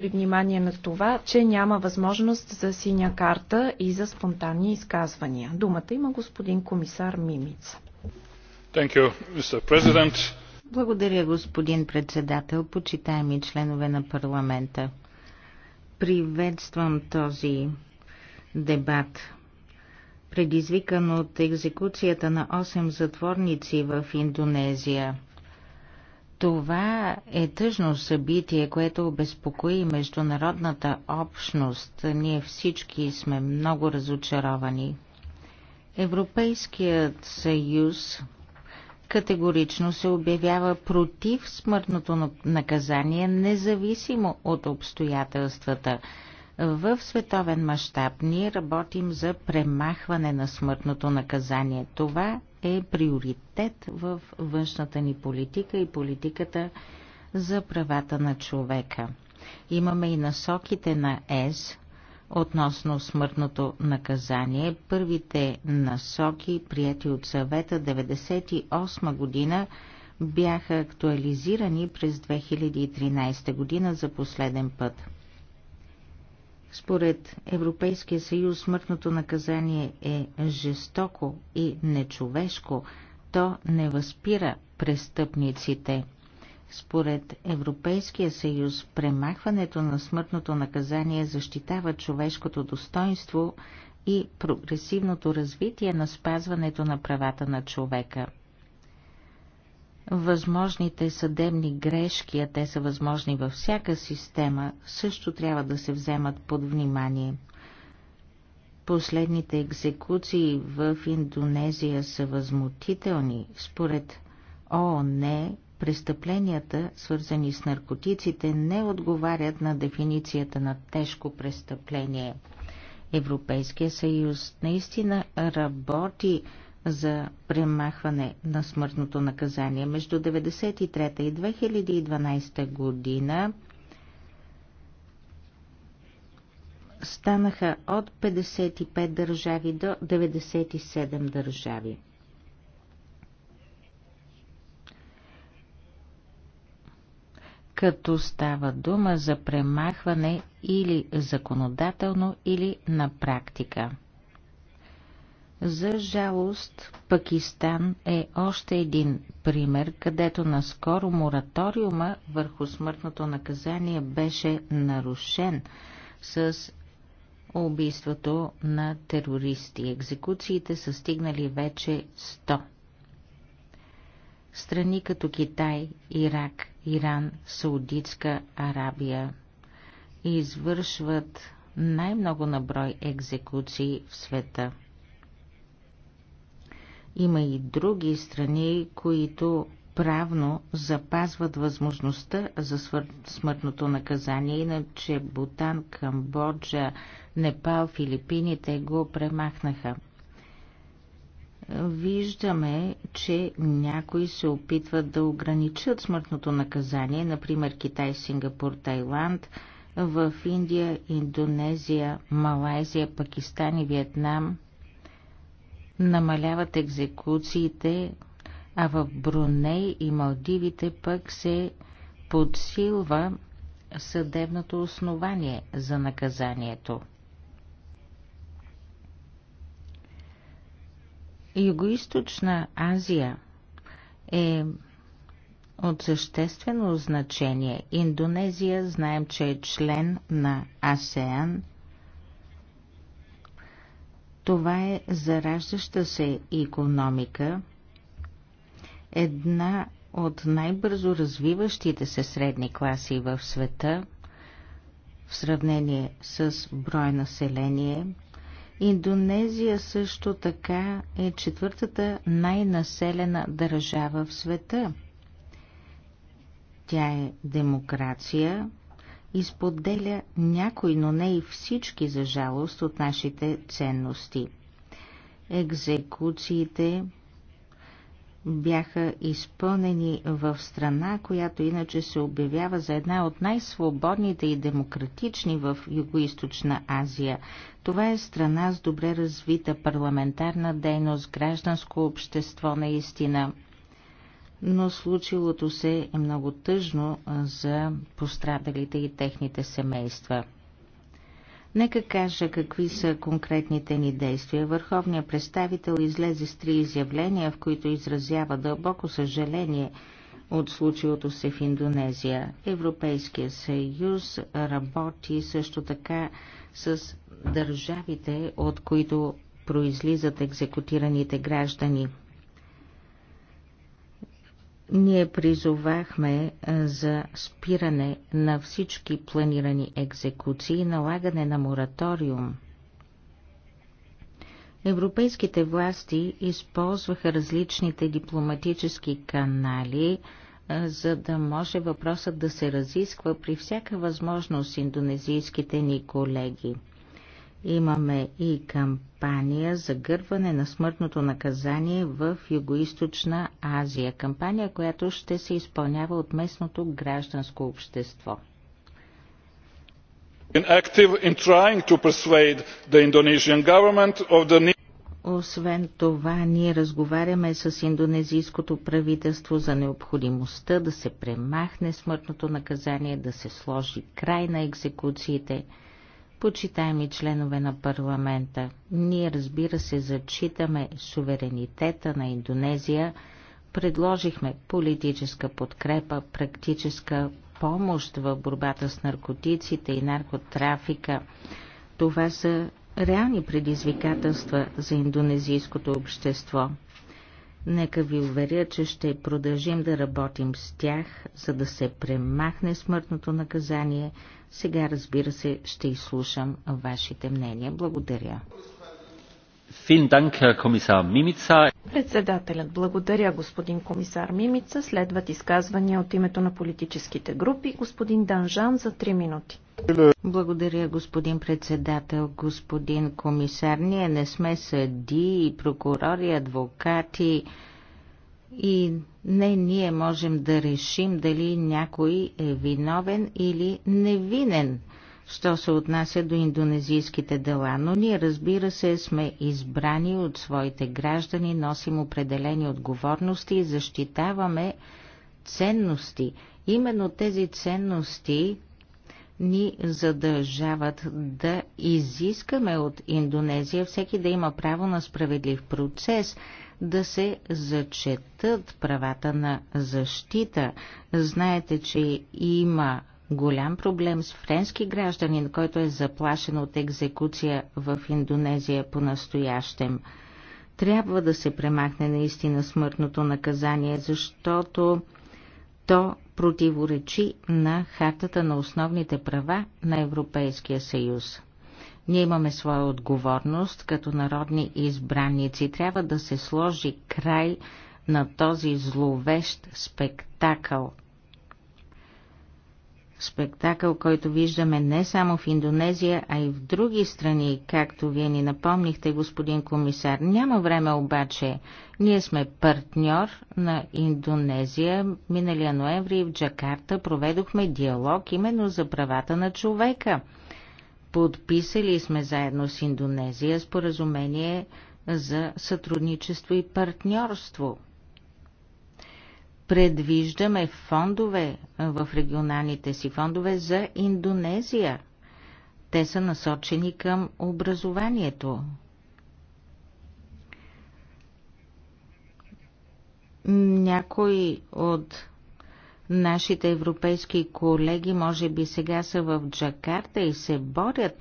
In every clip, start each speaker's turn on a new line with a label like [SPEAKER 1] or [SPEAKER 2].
[SPEAKER 1] обърнали внимание на това, че няма възможност за синя карта и за спонтанни изказвания. Думата има господин комисар Мимица. Thank you, Mr. President.
[SPEAKER 2] Благодаря, господин председател, почитаеми членове на парламента. Приветствам този дебат, предизвикан от екзекуцията на 8 затворници в Индонезия – това е тъжно събитие, което обезпокои международната общност. Ние всички сме много разочаровани. Европейският съюз категорично се обявява против смъртното наказание, независимо от обстоятелствата. В световен мащаб ние работим за премахване на смъртното наказание. Това е приоритет в външната ни политика и политиката за правата на човека. Имаме и насоките на ЕС относно смъртното наказание. Първите насоки, прияти от съвета 1998 година, бяха актуализирани през 2013 година за последен път. Според Европейския съюз смъртното наказание е жестоко и нечовешко. То не възпира престъпниците. Според Европейския съюз, премахването на смъртното наказание защитава човешкото достоинство и прогресивното развитие на спазването на правата на човека. Възможните съдебни грешки, а те са възможни във всяка система, също трябва да се вземат под внимание. Последните екзекуции в Индонезия са възмутителни. Според ООН, престъпленията, свързани с наркотиците, не отговарят на дефиницията на тежко престъпление. Европейския съюз наистина работи за премахване на смъртното наказание. Между 1993 и 2012 година станаха от 55 държави до 97 държави. като става дума за премахване или законодателно, или на практика. За жалост, Пакистан е още един пример, където наскоро мораториума върху смъртното наказание беше нарушен с убийството на терористи. Екзекуциите са стигнали вече 100. Страни като Китай, Ирак, Иран, Саудитска Арабия извършват най-много наброй екзекуции в света – има и други страни, които правно запазват възможността за смъртното наказание, иначе Бутан, Камбоджа, Непал, Филипините го премахнаха. Виждаме, че някои се опитват да ограничат смъртното наказание, например Китай, Сингапур, Тайланд, в Индия, Индонезия, Малайзия, Пакистан и Виетнам намаляват екзекуциите, а в Бруней и Малдивите пък се подсилва съдебното основание за наказанието. Югоисточна Азия е от съществено значение. Индонезия знаем, че е член на АСЕАН – това е зараждаща се економика, една от най-бързо развиващите се средни класи в света, в сравнение с брой население. Индонезия също така е четвъртата най-населена държава в света. Тя е демокрация, изподеля някой, но не и всички, за жалост, от нашите ценности. Екзекуциите бяха изпълнени в страна, която иначе се обявява за една от най-свободните и демократични в Юго-Источна Азия. Това е страна с добре развита парламентарна дейност, гражданско общество наистина – но случилото се е много тъжно за пострадалите и техните семейства. Нека кажа какви са конкретните ни действия. Върховният представител излезе с три изявления, в които изразява дълбоко съжаление от случилото се в Индонезия. Европейския съюз работи също така с държавите, от които произлизат екзекутираните граждани. Ние призовахме за спиране на всички планирани екзекуции и налагане на мораториум. Европейските власти използваха различните дипломатически канали, за да може въпросът да се разисква при всяка възможност индонезийските ни колеги – Имаме и кампания за гърване на смъртното наказание в Югоизточна Азия. Кампания, която ще се изпълнява от местното гражданско общество. Освен това, ние разговаряме с индонезийското правителство за необходимостта да се премахне смъртното наказание, да се сложи край на екзекуциите – Почитаеми членове на парламента, ние разбира се зачитаме суверенитета на Индонезия, предложихме политическа подкрепа, практическа помощ в борбата с наркотиците и наркотрафика. Това са реални предизвикателства за индонезийското общество. Нека ви уверя, че ще продължим да работим с тях, за да се премахне смъртното наказание. Сега, разбира се, ще изслушам вашите мнения. Благодаря.
[SPEAKER 1] Председателят благодаря господин комисар Мимица. Следват изказвания от името на политическите групи. Господин Данжан за 3 минути.
[SPEAKER 2] Благодаря господин председател, господин комисар. Ние не сме съди, прокурори, адвокати и не ние можем да решим дали някой е виновен или невинен що се отнася до индонезийските дела, но ние разбира се сме избрани от своите граждани, носим определени отговорности и защитаваме ценности. Именно тези ценности ни задължават да изискаме от Индонезия всеки да има право на справедлив процес, да се зачетат правата на защита. Знаете, че има голям проблем с френски гражданин, който е заплашен от екзекуция в Индонезия по-настоящем. Трябва да се премахне наистина смъртното наказание, защото то противоречи на хартата на основните права на Европейския съюз. Ние имаме своя отговорност като народни избранници. Трябва да се сложи край на този зловещ спектакъл – спектакъл, който виждаме не само в Индонезия, а и в други страни, както вие ни напомнихте, господин комисар. Няма време обаче. Ние сме партньор на Индонезия. Миналия ноември в Джакарта проведохме диалог именно за правата на човека. Подписали сме заедно с Индонезия споразумение за сътрудничество и партньорство Предвиждаме фондове в регионалните си фондове за Индонезия. Те са насочени към образованието. Някои от нашите европейски колеги може би сега са в Джакарта и се борят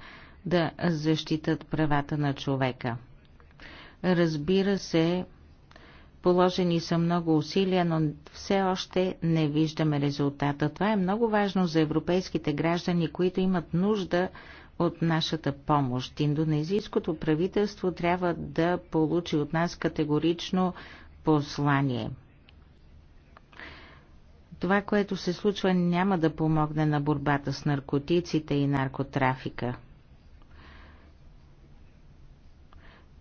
[SPEAKER 2] да защитат правата на човека. Разбира се, Положени са много усилия, но все още не виждаме резултата. Това е много важно за европейските граждани, които имат нужда от нашата помощ. Индонезийското правителство трябва да получи от нас категорично послание. Това, което се случва, няма да помогне на борбата с наркотиците и наркотрафика.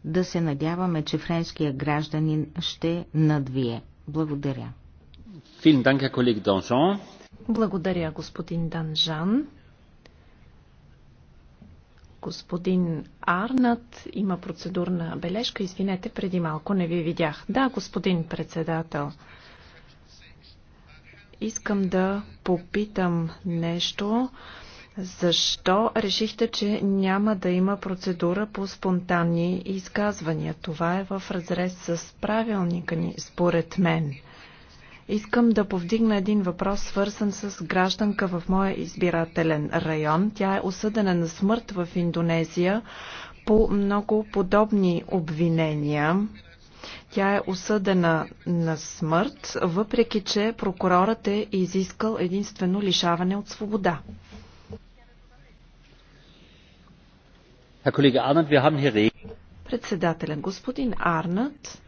[SPEAKER 2] Да се
[SPEAKER 1] надяваме,
[SPEAKER 2] че френския гражданин ще надвие. Благодаря.
[SPEAKER 1] Благодаря, господин Данжан. Господин Арнат има процедурна бележка. Извинете, преди малко не ви видях. Да, господин председател. Искам да попитам нещо. Защо решихте, че няма да има процедура по спонтанни изказвания? Това е в разрез с правилника ни, според мен. Искам да повдигна един въпрос, свързан с гражданка в моя избирателен район. Тя е осъдена на смърт в Индонезия по много подобни обвинения. Тя е осъдена на смърт, въпреки че прокурорът е изискал единствено лишаване от свобода. Председателя господин Арнат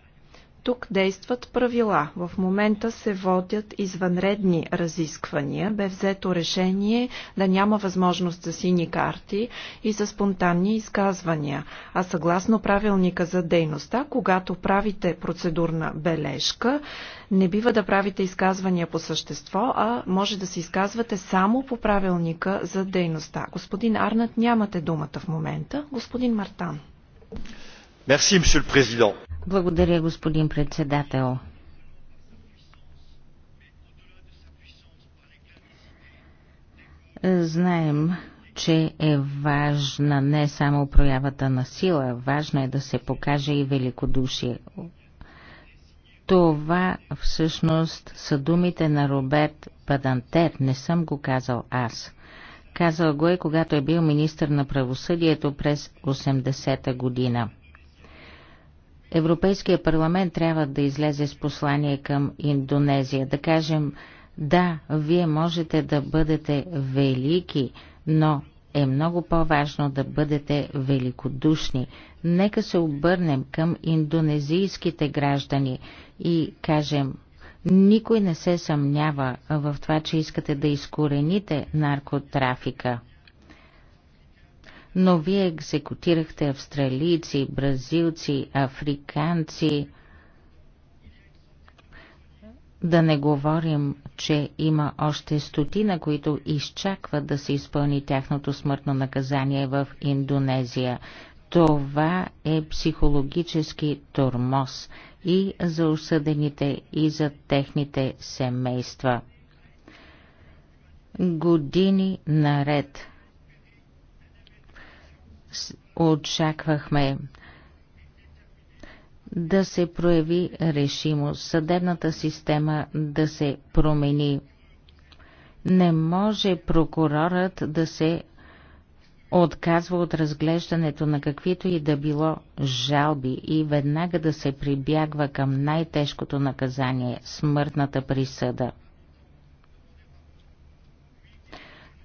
[SPEAKER 1] тук действат правила. В момента се водят извънредни разисквания. Бе взето решение да няма възможност за сини карти и за спонтанни изказвания. А съгласно правилника за дейността, когато правите процедурна бележка, не бива да правите изказвания по същество, а може да се изказвате само по правилника за дейността. Господин Арнат, нямате думата в момента. Господин Мартан.
[SPEAKER 2] Благодаря, господин председател. Знаем, че е важна не само проявата на сила, важно е да се покаже и великодушие. Това всъщност са думите на Роберт Падантер, не съм го казал аз. Казал го е, когато е бил министр на правосъдието през 80-та година – Европейския парламент трябва да излезе с послание към Индонезия, да кажем да, вие можете да бъдете велики, но е много по-важно да бъдете великодушни. Нека се обърнем към индонезийските граждани и кажем никой не се съмнява в това, че искате да изкорените наркотрафика но вие екзекутирахте австралийци, бразилци, африканци. Да не говорим, че има още стотина, които изчакват да се изпълни тяхното смъртно наказание в Индонезия. Това е психологически тормоз и за осъдените, и за техните семейства. Години наред очаквахме да се прояви решимост, съдебната система да се промени. Не може прокурорът да се отказва от разглеждането на каквито и да било жалби и веднага да се прибягва към най-тежкото наказание – смъртната присъда.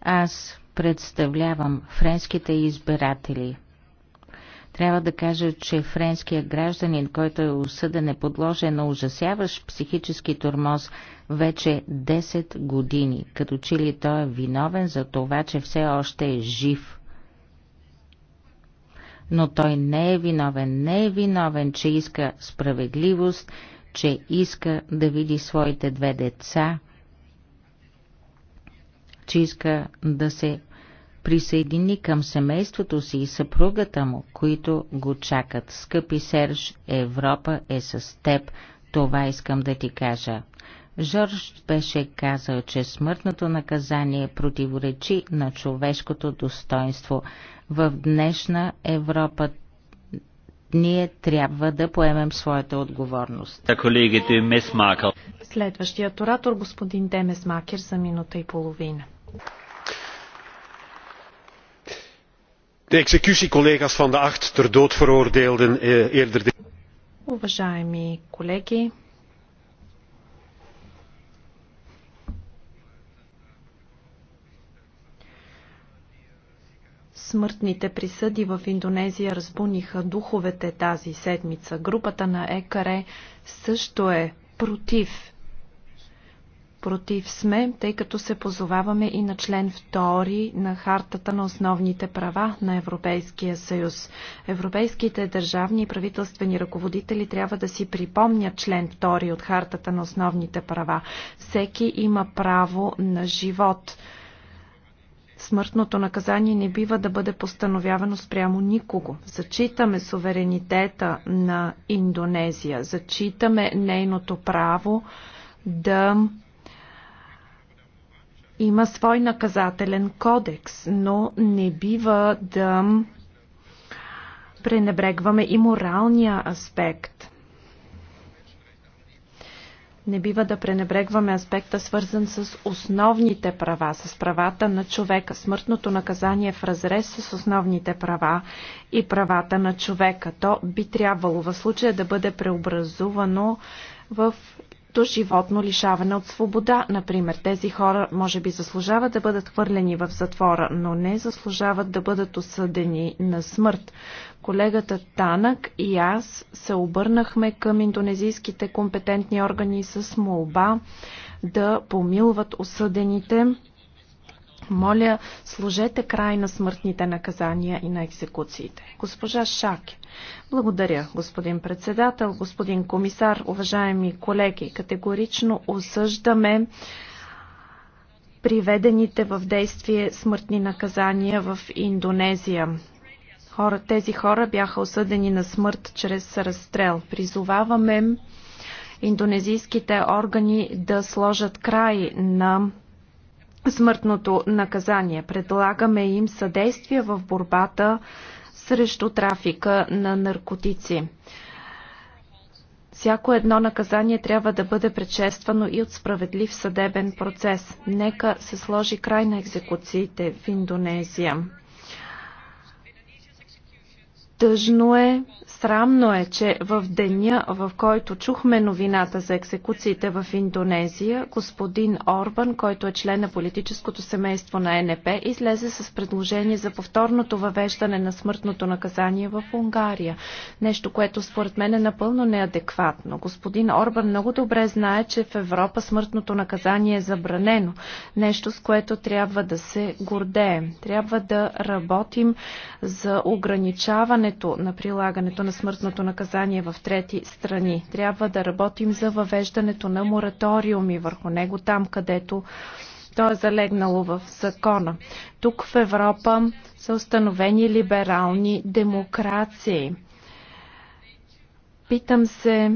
[SPEAKER 2] Аз представлявам френските избиратели. Трябва да кажа, че френският гражданин, който е осъден, е подложен на ужасяващ психически тормоз вече 10 години, като че ли той е виновен за това, че все още е жив. Но той не е виновен, не е виновен, че иска справедливост, че иска да види своите две деца – че иска да се присъедини към семейството си и съпругата му, които го чакат. Скъпи Серж, Европа е с теб, това искам да ти кажа. Жорж беше казал, че смъртното наказание противоречи на човешкото достоинство. В днешна Европа ние трябва да поемем своята отговорност.
[SPEAKER 1] Следващият оратор господин Макер, за минута и половина. De executie, collega's, van de acht ter dood veroordeelden eh, eerder. dit колеги, смъртните присъди в Индонезия разбуниха духовете тази седмица. Групата на ЕКР също е против Против сме, тъй като се позоваваме и на член 2 на Хартата на основните права на Европейския съюз. Европейските държавни и правителствени ръководители трябва да си припомнят член 2 от Хартата на основните права. Всеки има право на живот. Смъртното наказание не бива да бъде постановявано спрямо никого. Зачитаме суверенитета на Индонезия, зачитаме нейното право да има свой наказателен кодекс, но не бива да пренебрегваме и моралния аспект. Не бива да пренебрегваме аспекта, свързан с основните права, с правата на човека. Смъртното наказание е в разрез с основните права и правата на човека. То би трябвало в случая да бъде преобразувано в до животно лишаване от свобода. Например, тези хора може би заслужават да бъдат хвърлени в затвора, но не заслужават да бъдат осъдени на смърт. Колегата Танък и аз се обърнахме към индонезийските компетентни органи с молба да помилват осъдените моля, служете край на смъртните наказания и на екзекуциите. Госпожа Шаке. Благодаря, господин председател, господин комисар, уважаеми колеги. Категорично осъждаме приведените в действие смъртни наказания в Индонезия. Хора, тези хора бяха осъдени на смърт чрез разстрел. Призоваваме индонезийските органи да сложат край на смъртното наказание. Предлагаме им съдействие в борбата срещу трафика на наркотици. Всяко едно наказание трябва да бъде предшествано и от справедлив съдебен процес. Нека се сложи край на екзекуциите в Индонезия. Тъжно е, срамно е, че в деня, в който чухме новината за екзекуциите в Индонезия, господин Орбан, който е член на политическото семейство на НП, излезе с предложение за повторното въвеждане на смъртното наказание в Унгария. Нещо, което според мен е напълно неадекватно. Господин Орбан много добре знае, че в Европа смъртното наказание е забранено. Нещо, с което трябва да се гордеем. Трябва да работим за ограничаване улесняването на прилагането на смъртното наказание в трети страни. Трябва да работим за въвеждането на мораториуми върху него там, където то е залегнало в закона. Тук в Европа са установени либерални демокрации. Питам се,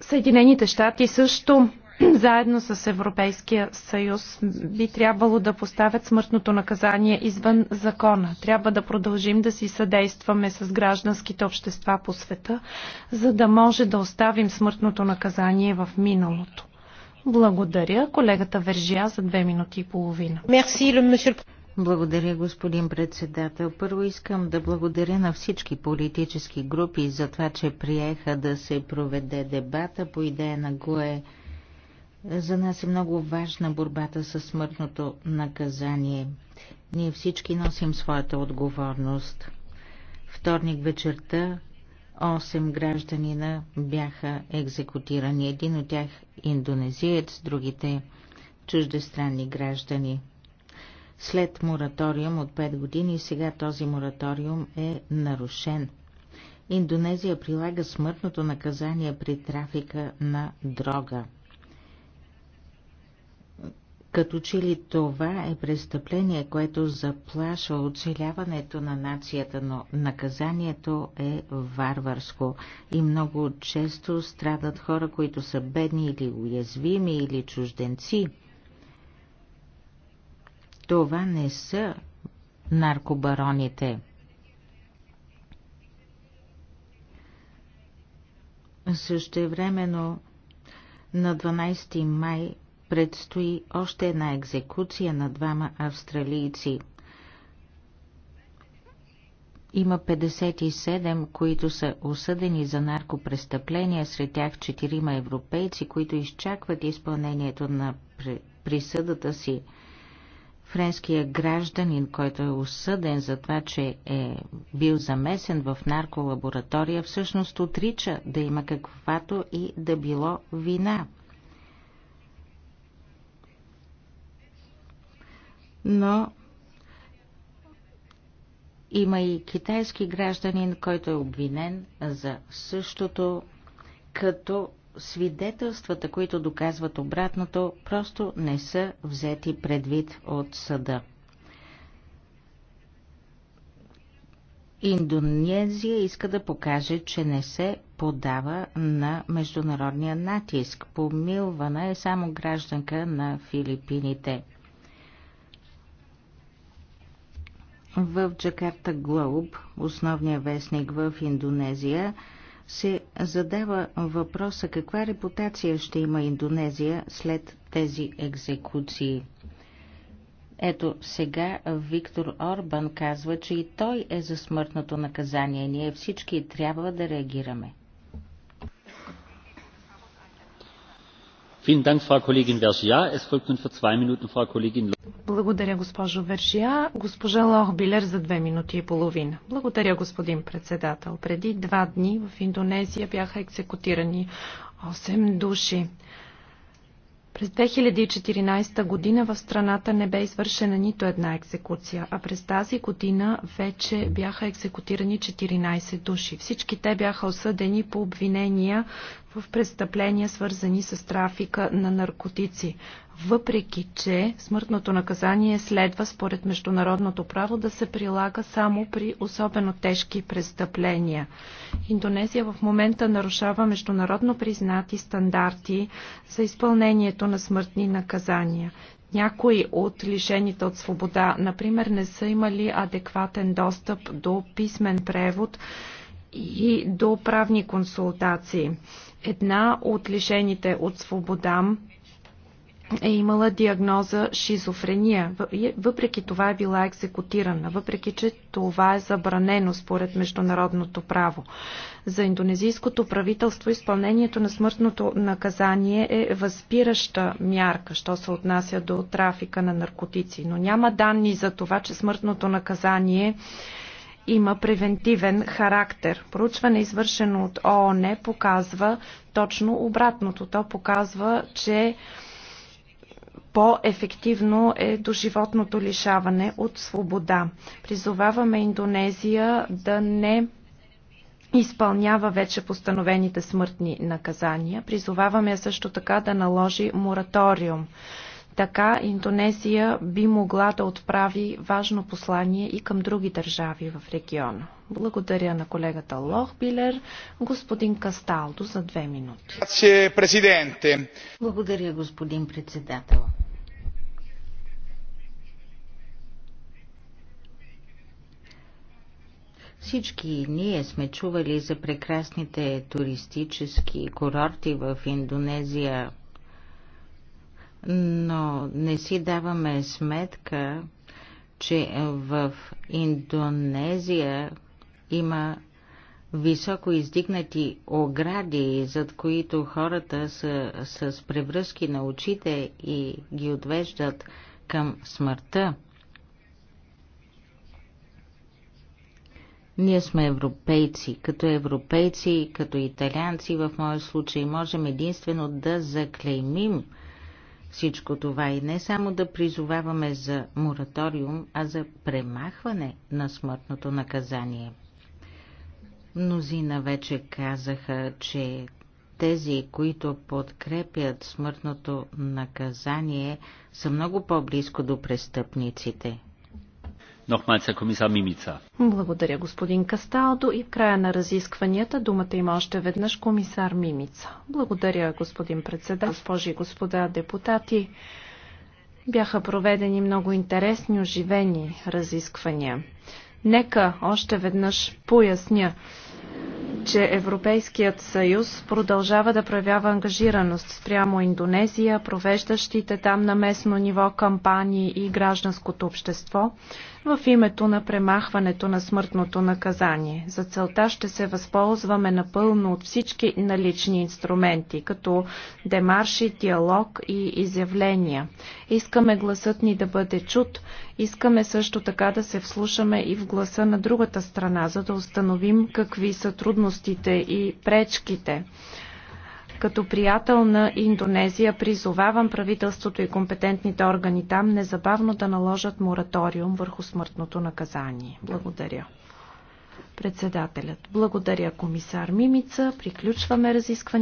[SPEAKER 1] Съединените щати също заедно с Европейския съюз би трябвало да поставят смъртното наказание извън закона. Трябва да продължим да си съдействаме с гражданските общества по света, за да може да оставим смъртното наказание в миналото. Благодаря. Колегата Вержия за две минути и половина.
[SPEAKER 2] Благодаря, господин председател. Първо искам да благодаря на всички политически групи за това, че приеха да се проведе дебата по идея на ГОЕ. За нас е много важна борбата със смъртното наказание. Ние всички носим своята отговорност. Вторник вечерта 8 гражданина бяха екзекутирани. Един от тях индонезиец, другите чуждестранни граждани. След мораториум от 5 години, сега този мораториум е нарушен. Индонезия прилага смъртното наказание при трафика на дрога. Като че ли това е престъпление, което заплаша оцеляването на нацията, но наказанието е варварско и много често страдат хора, които са бедни или уязвими или чужденци. Това не са наркобароните. Също времено на 12 май предстои още една екзекуция на двама австралийци. Има 57, които са осъдени за наркопрестъпления, сред тях четирима европейци, които изчакват изпълнението на присъдата си. Френският гражданин, който е осъден за това, че е бил замесен в нарколаборатория, всъщност отрича да има каквато и да било вина – но има и китайски гражданин, който е обвинен за същото, като свидетелствата, които доказват обратното, просто не са взети предвид от съда. Индонезия иска да покаже, че не се подава на международния натиск. Помилвана е само гражданка на Филипините. В Джакарта Глоб, основния вестник в Индонезия, се задава въпроса каква репутация ще има Индонезия след тези екзекуции. Ето сега Виктор Орбан казва, че и той е за смъртното наказание. Ние всички трябва да
[SPEAKER 1] реагираме. Благодаря, госпожо Вержия. Госпожа Лохбилер за две минути и половина. Благодаря, господин председател. Преди два дни в Индонезия бяха екзекутирани 8 души. През 2014 година в страната не бе извършена нито една екзекуция, а през тази година вече бяха екзекутирани 14 души. Всички те бяха осъдени по обвинения в престъпления, свързани с трафика на наркотици въпреки че смъртното наказание следва според международното право да се прилага само при особено тежки престъпления. Индонезия в момента нарушава международно признати стандарти за изпълнението на смъртни наказания. Някои от лишените от свобода, например, не са имали адекватен достъп до писмен превод и до правни консултации. Една от лишените от свобода е имала диагноза шизофрения. Въпреки това е била екзекутирана, въпреки че това е забранено според международното право. За индонезийското правителство изпълнението на смъртното наказание е възпираща мярка, що се отнася до трафика на наркотици. Но няма данни за това, че смъртното наказание има превентивен характер. Проучване, извършено от ООН, показва точно обратното. То показва, че по-ефективно е до животното лишаване от свобода. Призоваваме Индонезия да не изпълнява вече постановените смъртни наказания. Призоваваме също така да наложи мораториум. Така Индонезия би могла да отправи важно послание и към други държави в региона. Благодаря на колегата Лохбилер, господин Касталдо за две минути. Благодаря, господин
[SPEAKER 2] председател. Всички ние сме чували за прекрасните туристически курорти в Индонезия, но не си даваме сметка, че в Индонезия има високо издигнати огради, зад които хората са с превръзки на очите и ги отвеждат към смъртта. Ние сме европейци, като европейци, като италианци в моя случай можем единствено да заклеймим всичко това и не само да призоваваме за мораториум, а за премахване на смъртното наказание. Мнозина вече казаха, че тези, които подкрепят смъртното наказание, са много по-близко до престъпниците –
[SPEAKER 1] благодаря, господин Касталдо. И в края на разискванията думата има още веднъж комисар Мимица. Благодаря, господин председател, госпожи и господа депутати. Бяха проведени много интересни, оживени разисквания. Нека още веднъж поясня че Европейският съюз продължава да проявява ангажираност спрямо Индонезия, провеждащите там на местно ниво кампании и гражданското общество в името на премахването на смъртното наказание. За целта ще се възползваме напълно от всички налични инструменти, като демарши, диалог и изявления. Искаме гласът ни да бъде чут Искаме също така да се вслушаме и в гласа на другата страна, за да установим какви са трудностите и пречките. Като приятел на Индонезия призовавам правителството и компетентните органи там незабавно да наложат мораториум върху смъртното наказание. Благодаря. Председателят. Благодаря комисар Мимица. Приключваме разисквания.